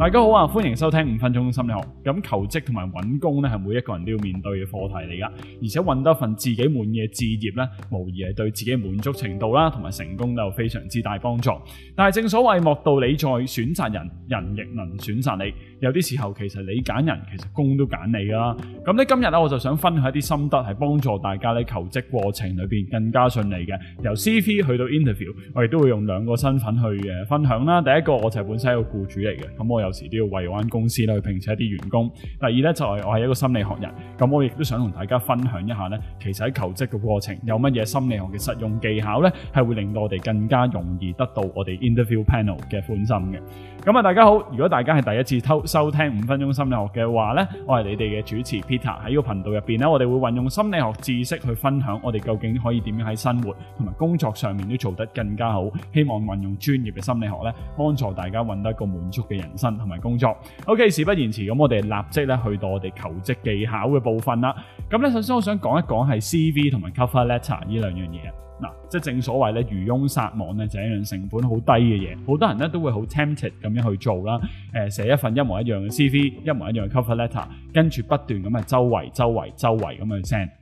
大家好啊，歡迎收聽五分鐘心理學。咁求職同埋揾工呢，係每一個人都要面對嘅課題嚟噶而且揾到份自己滿意嘅職業呢，無疑係對自己滿足程度啦，同埋成功都有非常之大幫助。但係正所謂莫道你在選擇人，人亦能選擇你。有啲時候其實你揀人，其實工都揀你噶啦。咁呢，今日呢，我就想分享一啲心得，係幫助大家喺求職過程裏邊更加順利嘅。由 CV 去到 interview，我亦都會用兩個身份去誒、呃、分享啦。第一個我就係本身一個雇主嚟嘅，咁我又。有時都要為翻公司咧，去聘請一啲員工。第二咧，就係我係一個心理學人，咁我亦都想同大家分享一下咧，其實喺求職嘅過程有乜嘢心理學嘅實用技巧咧，係會令到我哋更加容易得到我哋 interview panel 嘅歡心嘅。咁啊，大家好，如果大家係第一次偷收聽五分鐘心理學嘅話咧，我係你哋嘅主持 Peter，喺呢個頻道入邊咧，我哋會運用心理學知識去分享，我哋究竟可以點樣喺生活同埋工作上面都做得更加好。希望運用專業嘅心理學咧，幫助大家搵到一個滿足嘅人生。同埋工作。OK，事不宜遲，咁我哋立即咧去到我哋求職技巧嘅部分啦。咁咧，首先我想講一講係 CV 同埋 cover letter 呢兩樣嘢。嗱，即係正所謂咧，漁翁撒網咧，就係一樣成本好低嘅嘢。好多人咧都會好 tempted 咁樣去做啦。誒、呃，寫一份一模一樣嘅 CV，一模一樣嘅 cover letter，跟住不斷咁啊，周圍、周圍、周圍咁樣去 send。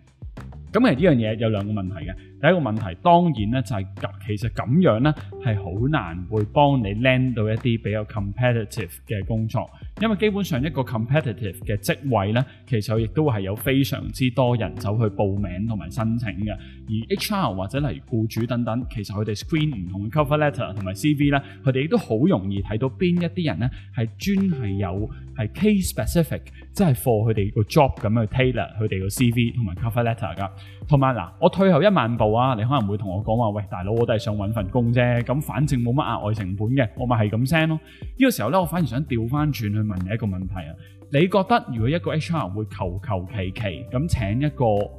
咁誒，呢樣嘢有兩個問題嘅，第一個問題當然咧就係、是、其實咁樣咧係好難會幫你 land 到一啲比較 competitive 嘅工作。因為基本上一個 competitive 嘅職位呢，其實亦都係有非常之多人走去報名同埋申請嘅。而 HR 或者例如僱主等等，其實佢哋 screen 唔同嘅 cover letter 同埋 CV 呢，佢哋亦都好容易睇到邊一啲人呢係專係有係 case specific，即係 for 佢哋個 job 咁樣去 tailor 佢哋個 CV 同埋 cover letter 噶。同埋嗱，我退後一萬步啊，你可能會同我講話，喂大佬，我都係想揾份工啫，咁反正冇乜額外成本嘅，我咪係咁 send 咯。呢個時候呢，我反而想調翻轉去。問你一個問題啊，你覺得如果一個 HR 會求求其其咁請一個，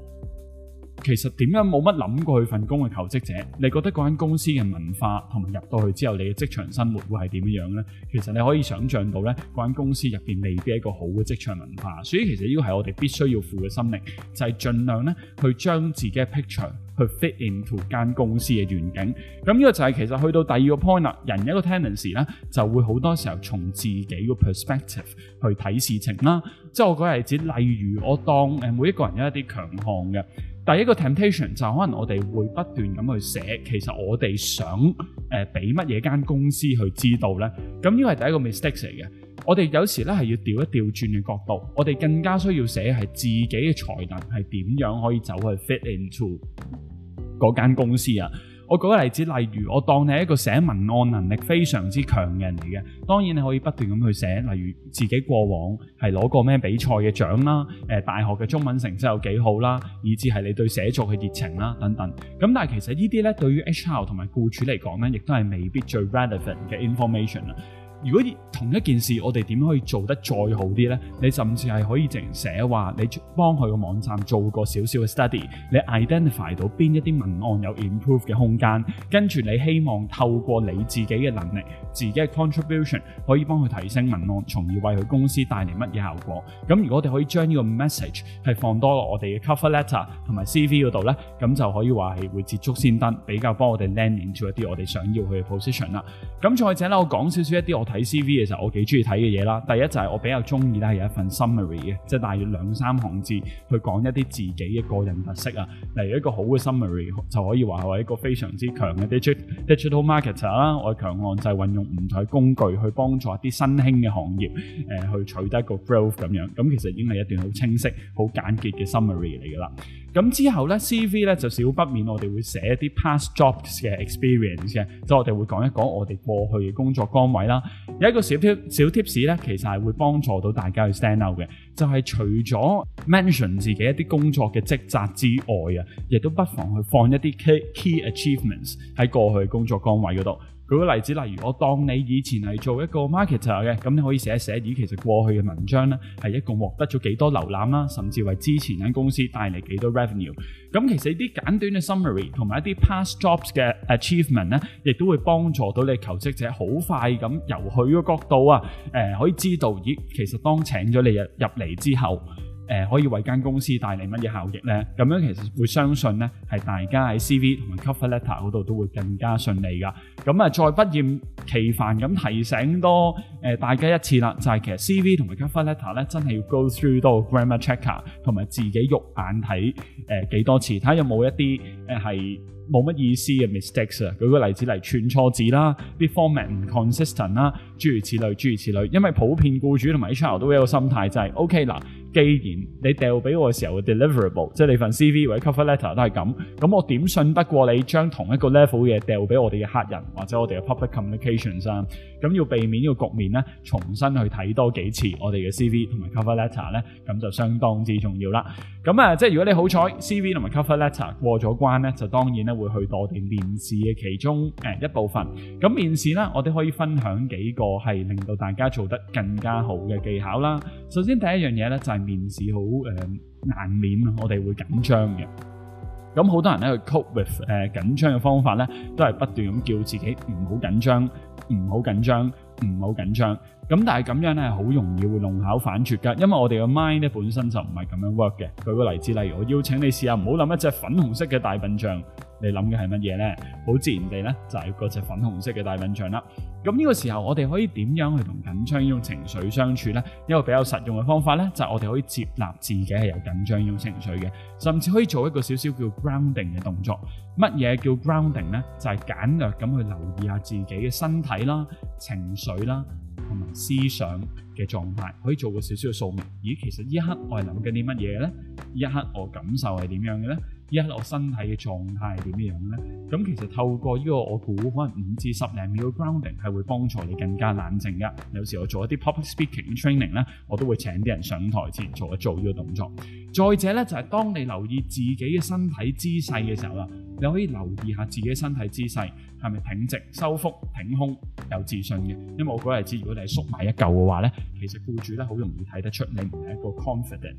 其實點樣冇乜諗過去份工嘅求職者，你覺得嗰間公司嘅文化同埋入到去之後，你嘅職場生活會係點樣樣呢？其實你可以想像到呢，嗰間公司入邊未必係一個好嘅職場文化，所以其實呢個係我哋必須要付嘅心靈，就係盡量呢去將自己嘅 picture。去 fit into 間公司嘅願景，咁呢個就係其實去到第二個 point 啦。人一個 tendency 咧，就會好多時候從自己個 perspective 去睇事情啦。即係我舉例子，例如我當誒每一個人有一啲強項嘅，第一個 temptation 就可能我哋會不斷咁去寫，其實我哋想誒俾乜嘢間公司去知道咧。咁呢個係第一個 mistakes 嚟嘅。我哋有時咧係要調一調轉嘅角度，我哋更加需要寫係自己嘅才能係點樣可以走去 fit into 嗰間公司啊！我舉個例子，例如我當你係一個寫文案能力非常之強嘅人嚟嘅，當然你可以不斷咁去寫，例如自己過往係攞過咩比賽嘅獎啦，誒、呃、大學嘅中文成績有幾好啦，以至係你對寫作嘅熱情啦、啊、等等。咁但係其實呢啲咧對於 HR 同埋僱主嚟講咧，亦都係未必最 relevant 嘅 information 啊。如果同一件事，我哋點可以做得再好啲咧？你甚至係可以直情寫話，你幫佢個網站做個少少嘅 study，你 identify 到邊一啲文案有 improve 嘅空間，跟住你希望透過你自己嘅能力、自己嘅 contribution，可以幫佢提升文案，從而為佢公司帶嚟乜嘢效果？咁如果我哋可以將呢個 message 係放多我哋嘅 cover letter 同埋 CV 度咧，咁就可以話係會捷足先登，比較幫我哋 land into 一啲我哋想要去嘅 position 啦。咁再者咧，我講少少一啲我。睇 CV 嘅時候，我幾中意睇嘅嘢啦。第一就係我比較中意呢係有一份 summary 嘅，即係大約兩三行字去講一啲自己嘅個人特色啊。例如一個好嘅 summary 就可以話係一個非常之強嘅 dig digital marketer 啦。我嘅強項就係運用唔同嘅工具去幫助一啲新興嘅行業，誒、呃、去取得一個 growth 咁樣。咁、嗯、其實已經係一段好清晰、好簡潔嘅 summary 嚟㗎啦。咁之後咧，CV 咧就少不免我哋會寫一啲 past jobs 嘅 experience 嘅，即係我哋會講一講我哋過去嘅工作崗位啦。有一個小 tip 小 tips 咧，其實係會幫助到大家去 stand out 嘅，就係除咗 mention 自己一啲工作嘅職責之外啊，亦都不妨去放一啲 key key achievements 喺過去工作崗位嗰度。舉個例子，例如我當你以前係做一個 marketer 嘅，咁你可以寫一寫咦，其實過去嘅文章呢係一共獲得咗幾多瀏覽啦，甚至為之前間公司帶嚟幾多 revenue。咁其實一啲簡短嘅 summary 同埋一啲 past jobs 嘅 achievement 呢，亦都會幫助到你求職者好快咁由佢嘅角度啊，誒、呃、可以知道咦，其實當請咗你入入嚟之後。誒、呃、可以為間公司帶嚟乜嘢效益咧？咁樣其實會相信咧，係大家喺 CV 同埋 cover letter 嗰度都會更加順利噶。咁啊，再不厭其煩咁提醒多誒、呃、大家一次啦，就係、是、其實 CV 同埋 cover letter 咧，真係要 go through 到 grammar checker 同埋自己肉眼睇誒幾多次，睇下有冇一啲誒係冇乜意思嘅 mistakes 啊。舉個例子嚟串錯字啦，啲 format 唔 consistent 啦，諸如此類諸如此類。因為普遍僱主同埋 HR 都有一個心態就係、是、OK 啦。既然你掉俾我嘅時候 deliverable，即係你份 CV 或者 cover letter 都係咁，咁我點信得過你將同一個 level 嘅掉俾我哋嘅客人或者我哋嘅 public communications 啊？咁要避免呢個局面咧，重新去睇多幾次我哋嘅 CV 同埋 cover letter 咧，咁就相當之重要啦。咁啊，即係如果你好彩 CV 同埋 cover letter 過咗關咧，就當然咧會去到我哋面試嘅其中誒一部分。咁面試咧，我哋可以分享幾個係令到大家做得更加好嘅技巧啦。首先第一樣嘢咧就係、是。面試好誒，難免我哋會緊張嘅。咁好多人咧去 cope with 誒緊張嘅方法咧，都係不斷咁叫自己唔好緊張，唔好緊張，唔好緊張。咁但係咁樣咧，好容易會弄巧反拙噶。因為我哋嘅 mind 咧本身就唔係咁樣 work 嘅。舉個例子，例如我邀請你試下唔好諗一隻粉紅色嘅大笨象。你諗嘅係乜嘢呢？好自然地呢，就係嗰隻粉紅色嘅大笨象啦。咁呢個時候，我哋可以點樣去同緊張呢種情緒相處呢？一個比較實用嘅方法呢，就係我哋可以接納自己係有緊張呢種情緒嘅，甚至可以做一個少少叫 grounding 嘅動作。乜嘢叫 grounding 呢？就係簡略咁去留意下自己嘅身體啦、情緒啦同埋思想嘅狀態，可以做個少少嘅掃描。咦，其實呢一刻我係諗緊啲乜嘢呢？呢一刻我感受係點樣嘅呢？依家我身體嘅狀態係點樣呢？咁其實透過呢個，我估可能五至十零秒 grounding 係會幫助你更加冷靜嘅。有時我做一啲 public speaking training 咧，我都會請啲人上台前做一做呢個動作。再者咧，就係當你留意自己嘅身體姿勢嘅時候啊，你可以留意下自己身體姿勢係咪挺直、收腹、挺胸、有自信嘅。因為我舉例子，如果你縮埋一嚿嘅話咧，其實僱主咧好容易睇得出你唔係一個 confident。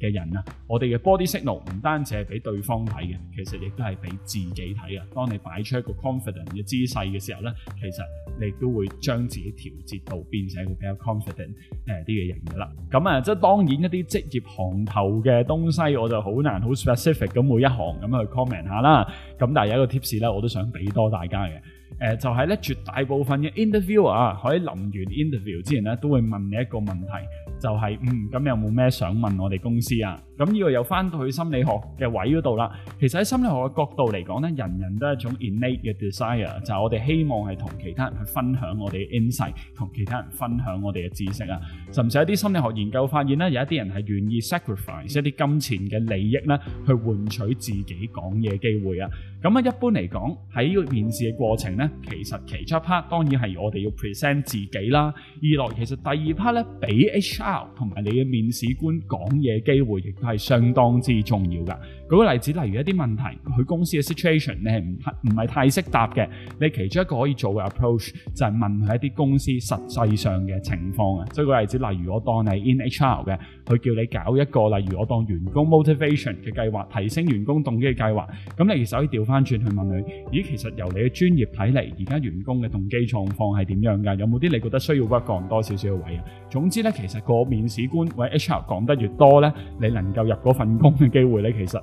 嘅人啊，我哋嘅 body signal 唔單止係俾對方睇嘅，其實亦都係俾自己睇嘅。當你擺出一個 confident 嘅姿勢嘅時候咧，其實你都會將自己調節到變成一個比較 confident 誒啲嘅人㗎喇。咁、嗯、啊，即、嗯、係、嗯、當然一啲職業行頭嘅東西，我就好難好 specific 咁每一行咁去 comment 下啦。咁但係有一個提示咧，我都想俾多大家嘅。誒就係咧，絕大部分嘅 interviewer 啊，喺臨完 interview 之前咧，都會問你一個問題，就係嗯咁有冇咩想問我哋公司啊？咁呢個又翻到去心理學嘅位嗰度啦。其實喺心理學嘅角度嚟講咧，人人都係一種 innate 嘅 desire，就係我哋希望係同其他人去分享我哋嘅 insight，同其他人分享我哋嘅知識啊。甚至有啲心理學研究發現咧，有一啲人係願意 sacrifice 一啲金錢嘅利益咧，去換取自己講嘢嘅機會啊。咁啊，一般嚟講喺面試嘅過程咧。其實其中一 part 當然係我哋要 present 自己啦，二來其實第二 part 咧俾 HR 同埋你嘅面試官講嘢機會，亦都係相當之重要噶。舉個例子，例如一啲問題，佢公司嘅 situation 你係唔唔係太識答嘅，你其中一個可以做嘅 approach 就係問佢一啲公司實際上嘅情況啊。所以個例子，例如我當你 in HR 嘅，佢叫你搞一個，例如我當員工 motivation 嘅計劃，提升員工動機嘅計劃，咁你其實可以調翻轉去問佢，咦，其實由你嘅專業睇。而家員工嘅動機狀況係點樣噶？有冇啲你覺得需要屈降多少少嘅位啊？總之咧，其實個面試官或者 HR 講得越多咧，你能夠入嗰份工嘅機會咧，其實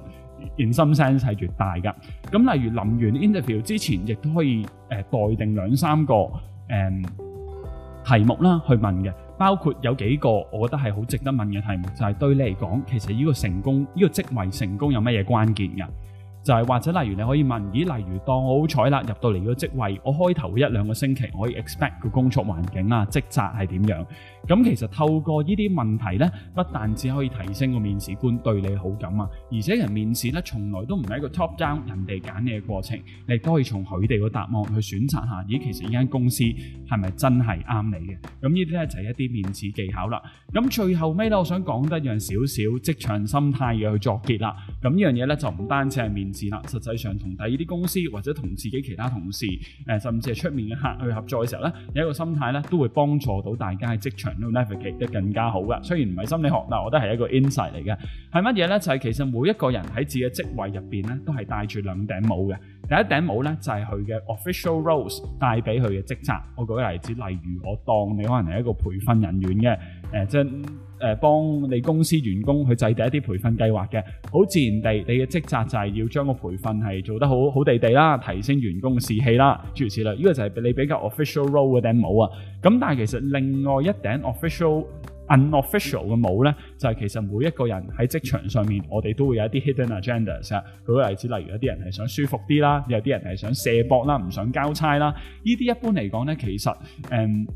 incentive 係越大噶。咁、嗯、例如臨完 interview 之前，亦都可以誒待、呃、定兩三個誒、呃、題目啦，去問嘅。包括有幾個我覺得係好值得問嘅題目，就係、是、對你嚟講，其實呢個成功，呢、這個職位成功有乜嘢關鍵噶？就係或者例如你可以問，咦？例如當我好彩啦，入到嚟個職位，我開頭一兩個星期，我可以 expect 個工作環境啊、職責係點樣？咁其實透過呢啲問題呢，不但只可以提升個面試官對你好感啊，而且人面試呢，從來都唔係一個 top-down 人哋揀你嘅過程，你都可以從佢哋個答案去選擇下，咦？其實呢間公司係咪真係啱你嘅？咁呢啲呢，就係一啲面試技巧啦。咁最後尾呢，我想講得一樣少少職場心態嘅去作結啦。咁呢樣嘢呢，就唔單止係面。啦，實際上同第二啲公司或者同自己其他同事，誒、呃、甚至係出面嘅客去合作嘅時候呢，有一個心態咧，都會幫助到大家喺職場度呢 navigate 得更加好嘅。雖然唔係心理學，但係我都係一個 insight 嚟嘅。係乜嘢呢？就係、是、其實每一個人喺自己嘅職位入邊呢，都係戴住兩頂帽嘅。第一頂帽呢，就係、是、佢嘅 official roles 帶俾佢嘅職責。我舉個例子，例如我當你可能係一個培訓人員嘅，誒、呃、即。就是誒，幫你公司員工去制定一啲培訓計劃嘅，好自然地，你嘅職責就係要將個培訓係做得好好地地啦，提升員工嘅士氣啦，諸如此類。呢、這個就係你比較 official role 嗰頂帽啊。咁但係其實另外一頂 official、unofficial 嘅帽呢，就係、是、其實每一個人喺職場上面，我哋都會有一啲 hidden agendas。舉個例子，例如有啲人係想舒服啲啦，有啲人係想卸膊啦，唔想交差啦。呢啲一般嚟講呢，其實誒。嗯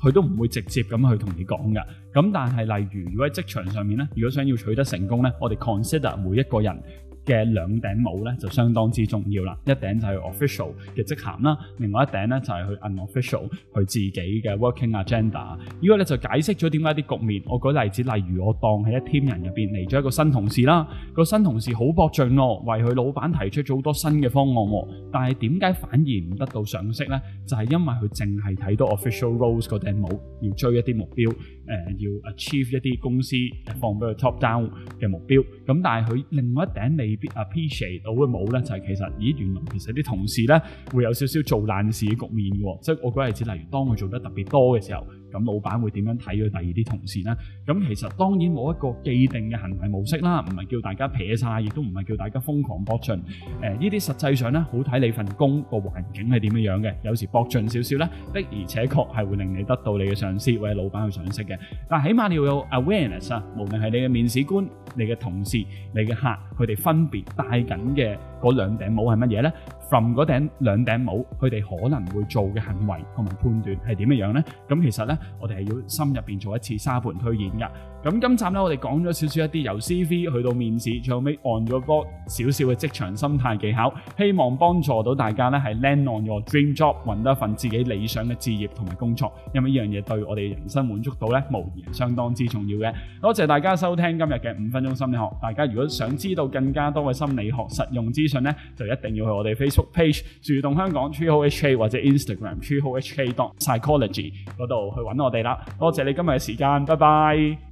佢都唔會直接咁去同你講㗎，咁但係例如如果喺職場上面，如果想要取得成功，我哋 consider 每一個人嘅兩頂帽咧就相當之重要啦，一頂就係 official 嘅職銜啦，另外一頂咧就係去 unofficial 佢自己嘅 working agenda。呢個咧就解釋咗點解啲局面。我舉例子，例如我當喺一 team 人入邊嚟咗一個新同事啦，個新同事好搏盡咯，為佢老闆提出咗好多新嘅方案喎，但係點解反而唔得到賞識咧？就係因為佢淨係睇到 official roles 嗰頂帽，要追一啲目標，誒要 achieve 一啲公司放俾佢 top down 嘅目標。咁但係佢另外一頂你。appreciate 到嘅冇咧，就係其實咦，原來其實啲同事咧會有少少做爛事嘅局面嘅喎，即係我舉例子，例如當佢做得特別多嘅時候。咁老闆會點樣睇佢第二啲同事呢？咁其實當然冇一個既定嘅行為模式啦，唔係叫大家撇晒，亦都唔係叫大家瘋狂搏盡。誒、呃，呢啲實際上呢，好睇你份工個環境係點樣樣嘅。有時搏盡少少呢，的而且確係會令你得到你嘅上司或者老闆嘅賞識嘅。但係起碼你要有 awareness 啊，無論係你嘅面試官、你嘅同事、你嘅客，佢哋分別戴緊嘅嗰兩頂帽係乜嘢呢？From 嗰頂兩頂帽，佢哋可能會做嘅行為同埋判斷係點樣樣呢？咁其實呢。我哋係要心入邊做一次沙盤推演嘅。咁今集呢，我哋講咗少少一啲由 CV 去到面試，最後尾按咗個少少嘅職場心態技巧，希望幫助到大家呢係 land on your dream job，揾到一份自己理想嘅事業同埋工作。因為依樣嘢對我哋人生滿足度呢，無疑係相當之重要嘅。多謝大家收聽今日嘅五分鐘心理學。大家如果想知道更加多嘅心理學實用資訊呢，就一定要去我哋 Facebook page 樹洞香港 treeholehk 或者 Instagram treeholehk.psychology 嗰度去。搵我哋啦，多謝你今日嘅時間，拜拜。